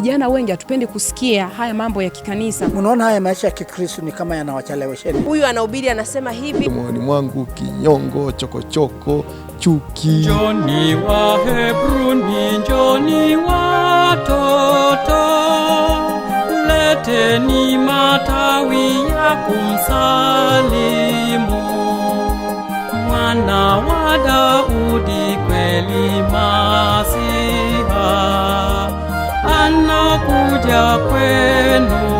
vijana wengi hatupendi kusikia haya mambo ya kikanisa. Unaona, haya maisha ya Kikristo ni kama yanawachelewesheni. Huyu anahubiri anasema hivi, moyoni mwangu kinyongo, chokochoko chuki. Njoni wa Hebruni, njoni watoto, leteni matawi ya kumsalimu mwana wa Daudi, kweli masi anakuja kwenu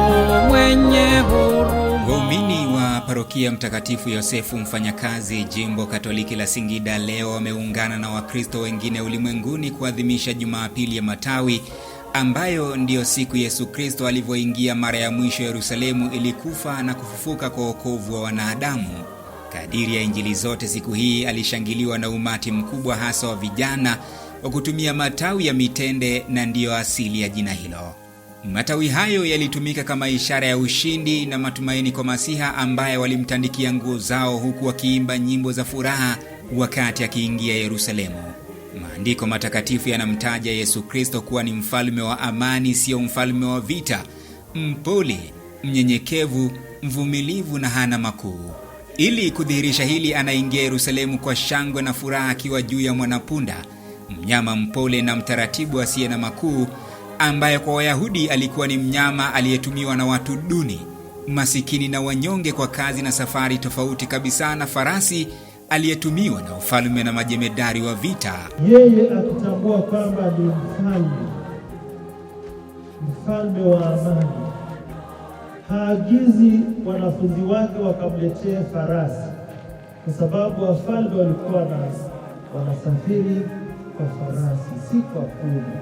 mwenye huruma. Waumini wa parokia Mtakatifu Yosefu Mfanyakazi, jimbo Katoliki la Singida, leo wameungana na Wakristo wengine ulimwenguni kuadhimisha Jumapili ya Matawi ambayo ndiyo siku Yesu Kristo alivyoingia mara ya mwisho Yerusalemu ili kufa na kufufuka kwa wokovu wa wanadamu. Kadiri ya Injili zote, siku hii alishangiliwa na umati mkubwa, hasa wa vijana kwa kutumia matawi ya mitende na ndiyo asili ya jina hilo. Matawi hayo yalitumika kama ishara ya ushindi na matumaini kwa Masiha ambaye walimtandikia nguo zao huku wakiimba nyimbo za furaha wakati akiingia Yerusalemu. Maandiko matakatifu yanamtaja Yesu Kristo kuwa ni mfalme wa amani, siyo mfalme wa vita, mpole, mnyenyekevu, mvumilivu na hana makuu. Ili kudhihirisha hili, anaingia Yerusalemu kwa shangwe na furaha akiwa juu ya mwanapunda mnyama mpole na mtaratibu asiye na makuu, ambaye kwa Wayahudi alikuwa ni mnyama aliyetumiwa na watu duni, masikini na wanyonge kwa kazi na safari, tofauti kabisa na farasi aliyetumiwa na ufalme na majemedari wa vita. Yeye akitambua kwamba ni mfalme, mfalme wa amani, haagizi wanafunzi wake wakamletee farasi, kwa sababu wafalme walikuwa wanasafiri kwa farasi, si kwa punda.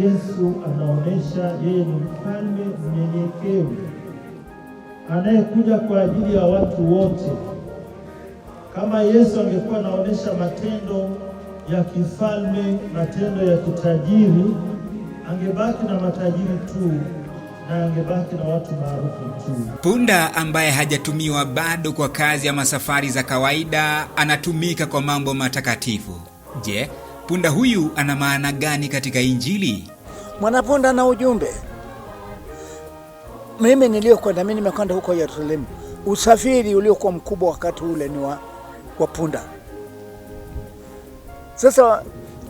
Yesu anaonesha yeye ni mfalme mnyenyekevu anayekuja kwa ajili ya watu wote. Kama Yesu angekuwa anaonesha matendo ya kifalme, matendo ya kitajiri, angebaki na matajiri tu na angebaki na watu maarufu tu. Punda ambaye hajatumiwa bado kwa kazi ama safari za kawaida, anatumika kwa mambo matakatifu. Je, punda huyu ana maana gani katika Injili? mwanapunda na ujumbe. Mimi niliyokwenda, mimi nimekwenda huko Yerusalemu, usafiri uliokuwa mkubwa wakati ule ni wa, wa punda. Sasa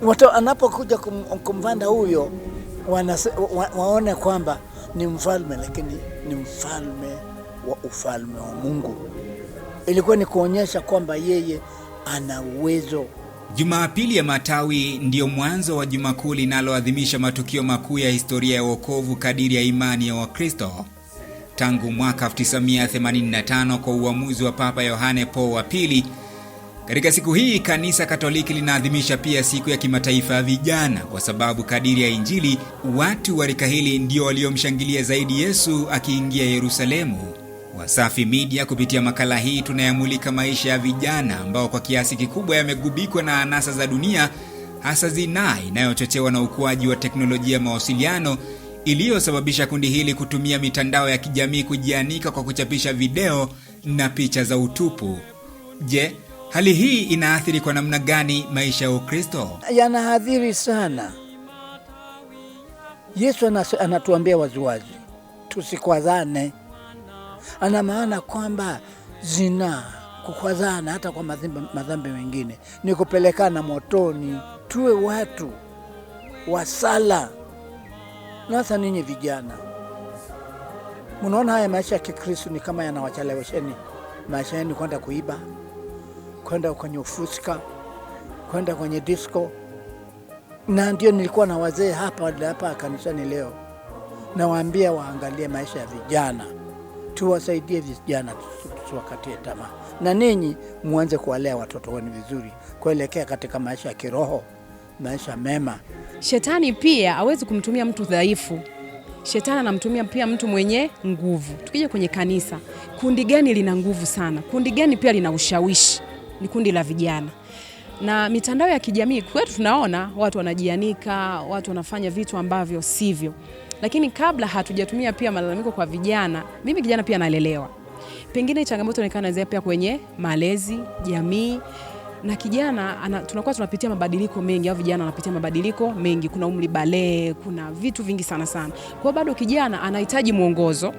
watu anapokuja kum, kumvanda huyo wana, wa, waone kwamba ni mfalme, lakini ni mfalme wa ufalme wa Mungu. Ilikuwa ni kuonyesha kwamba yeye ana uwezo Jumapili ya Matawi ndiyo mwanzo wa Juma Kuu linaloadhimisha matukio makuu ya historia ya wokovu kadiri ya imani ya Wakristo tangu mwaka 1985 kwa uamuzi wa Papa Yohane Paul wa Pili. Katika siku hii Kanisa Katoliki linaadhimisha pia siku ya kimataifa ya vijana, kwa sababu kadiri ya Injili watu wa rika hili ndio waliomshangilia zaidi Yesu akiingia Yerusalemu. Wasafi Media kupitia makala hii tunayamulika maisha ya vijana ambao kwa kiasi kikubwa yamegubikwa na anasa za dunia, hasa zinaa inayochochewa na ukuaji wa teknolojia ya mawasiliano iliyosababisha kundi hili kutumia mitandao ya kijamii kujianika kwa kuchapisha video na picha za utupu. Je, hali hii inaathiri kwa namna gani maisha ya Ukristo? Yanaathiri sana. Yesu anatuambia waziwazi tusikwazane ana maana kwamba zinaa, kukwazana hata kwa madhambi mengine ni kupelekana motoni. Tuwe watu wa sala, na hasa ninyi vijana, munaona haya maisha ya Kikristu ni kama yanawachelewesheni maisha yenu kwenda kuiba, kwenda kwenye ufuska, kwenda kwenye disco. Na ndio nilikuwa na wazee hapa hapa kanisani leo, nawaambia waangalie maisha ya vijana tuwasaidie vijana, tusiwakatie tamaa, na ninyi mwanze kuwalea watoto wenu vizuri kuelekea katika maisha ya kiroho, maisha mema. Shetani pia hawezi kumtumia mtu dhaifu. Shetani anamtumia pia mtu mwenye nguvu. Tukija kwenye kanisa, kundi gani lina nguvu sana? Kundi gani pia lina ushawishi? Ni kundi la vijana na mitandao ya kijamii kwetu tunaona watu wanajianika, watu wanafanya vitu ambavyo sivyo. Lakini kabla hatujatumia pia malalamiko kwa vijana, mimi kijana pia nalelewa, pengine changamoto inaonekana pia kwenye malezi, jamii na kijana ana, tunakuwa tunapitia mabadiliko mengi au vijana wanapitia mabadiliko mengi. Kuna umri balee, kuna vitu vingi sana sana. Kwa bado kijana anahitaji mwongozo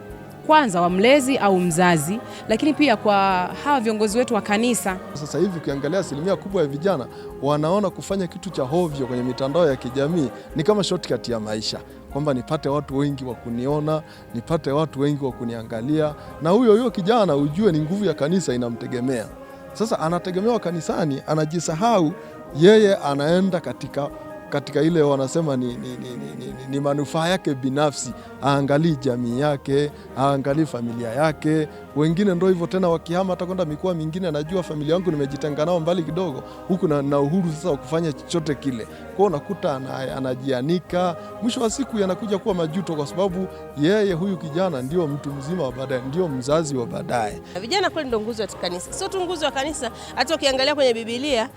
kwanza wa mlezi au mzazi, lakini pia kwa hawa viongozi wetu wa kanisa. Sasa hivi ukiangalia, asilimia kubwa ya vijana wanaona kufanya kitu cha hovyo kwenye mitandao ya kijamii ni kama shortcut ya maisha, kwamba nipate watu wengi wa kuniona, nipate watu wengi wa kuniangalia. Na huyo huyo kijana ujue, ni nguvu ya kanisa inamtegemea. Sasa anategemewa kanisani, anajisahau yeye, anaenda katika katika ile wanasema ni, ni, ni, ni, ni manufaa yake binafsi, aangalii jamii yake, aangalii familia yake. Wengine ndo hivyo tena, wakihama hata kwenda mikoa mingine, anajua familia yangu nimejitenga nao mbali kidogo huku na, na uhuru sasa wa kufanya chochote kile kwao, unakuta anajianika. Mwisho wa siku yanakuja kuwa majuto, kwa sababu yeye huyu kijana ndio mtu mzima wa baadaye, ndio mzazi wa baadaye. Vijana kweli ndio nguzo ya kanisa, sio tu nguzo ya kanisa. Hata ukiangalia kwenye Biblia,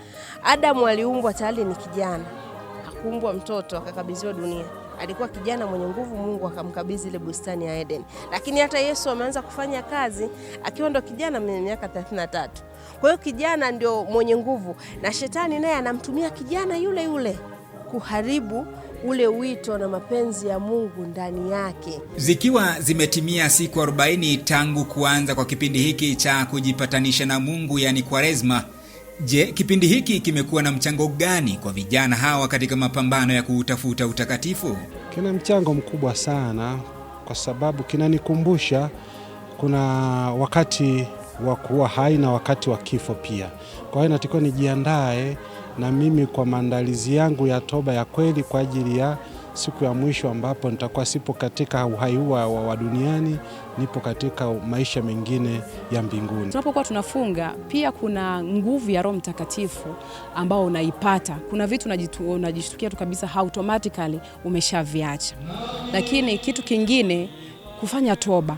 Adamu aliumbwa tayari ni kijana kuumbwa mtoto akakabidhiwa dunia. Alikuwa kijana mwenye nguvu, Mungu akamkabidhi ile bustani ya Eden. Lakini hata Yesu ameanza kufanya kazi akiwa ndo kijana mwenye miaka 33. Kwa hiyo kijana ndio mwenye nguvu, na shetani naye anamtumia kijana yule yule kuharibu ule wito na mapenzi ya Mungu ndani yake. Zikiwa zimetimia siku 40 tangu kuanza kwa kipindi hiki cha kujipatanisha na Mungu, yani Kwaresma. Je, kipindi hiki kimekuwa na mchango gani kwa vijana hawa katika mapambano ya kuutafuta utakatifu? Kina mchango mkubwa sana, kwa sababu kinanikumbusha kuna wakati wa kuwa hai na wakati wa kifo pia. Kwa hiyo natakiwa nijiandae na mimi kwa maandalizi yangu ya toba ya kweli kwa ajili ya siku ya mwisho ambapo nitakuwa sipo katika uhai wa, wa duniani, nipo katika maisha mengine ya mbinguni. Tunapokuwa tunafunga pia kuna nguvu ya Roho Mtakatifu ambao unaipata. Kuna vitu unajishtukia tu kabisa automatically umeshaviacha. Lakini kitu kingine kufanya toba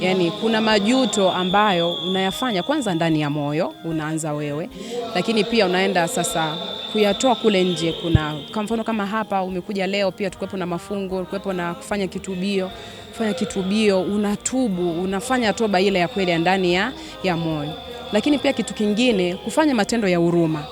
yani kuna majuto ambayo unayafanya kwanza ndani ya moyo, unaanza wewe, lakini pia unaenda sasa kuyatoa kule nje. Kuna kwa mfano kama hapa umekuja leo, pia tukuwepo na mafungo, tukuwepo na kufanya kitubio. Kufanya kitubio, unatubu, unafanya toba ile ya kweli ya ndani ya, ya moyo. Lakini pia kitu kingine, kufanya matendo ya huruma.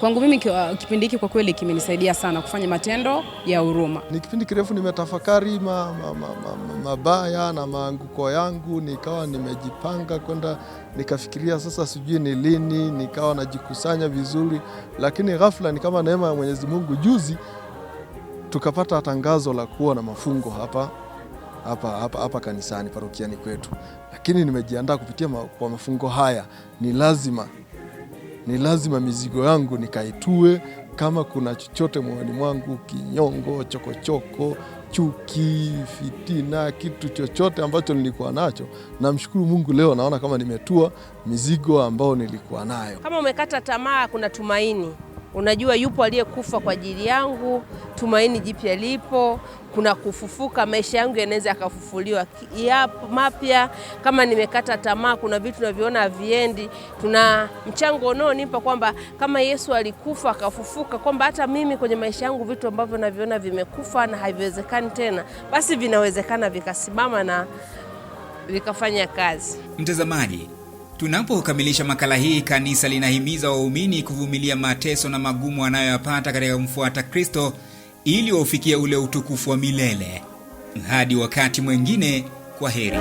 Kwangu mimi uh, kipindi hiki kwa kweli kimenisaidia sana kufanya matendo ya huruma. Ni kipindi kirefu nimetafakari mabaya ma, ma, ma, ma na maanguko yangu, nikawa nimejipanga kwenda, nikafikiria sasa sijui ni lini, nikawa najikusanya vizuri, lakini ghafla ni kama neema ya Mwenyezi Mungu, juzi tukapata tangazo la kuwa na mafungo hapa hapa, hapa, hapa kanisani parokiani kwetu, lakini nimejiandaa kupitia ma, kwa mafungo haya ni lazima ni lazima mizigo yangu nikaitue. Kama kuna chochote moyoni mwangu, kinyongo, chokochoko chuki, fitina, kitu chochote ambacho nilikuwa nacho, namshukuru Mungu, leo naona kama nimetua mizigo ambao nilikuwa nayo. Kama umekata tamaa, kuna tumaini. Unajua yupo aliyekufa kwa ajili yangu, tumaini jipya lipo, kuna kufufuka. Maisha yangu yanaweza yakafufuliwa mapya. Kama nimekata tamaa, kuna vitu navyoona haviendi, tuna mchango unaonipa kwamba kama Yesu alikufa akafufuka, kwamba hata mimi kwenye maisha yangu vitu ambavyo naviona vimekufa na haviwezekani tena, basi vinawezekana vikasimama na vikafanya kazi. Mtazamaji, Tunapokamilisha makala hii, kanisa linahimiza waumini kuvumilia mateso na magumu anayoyapata katika kumfuata Kristo ili waufikie ule utukufu wa milele. Hadi wakati mwengine kwa heri.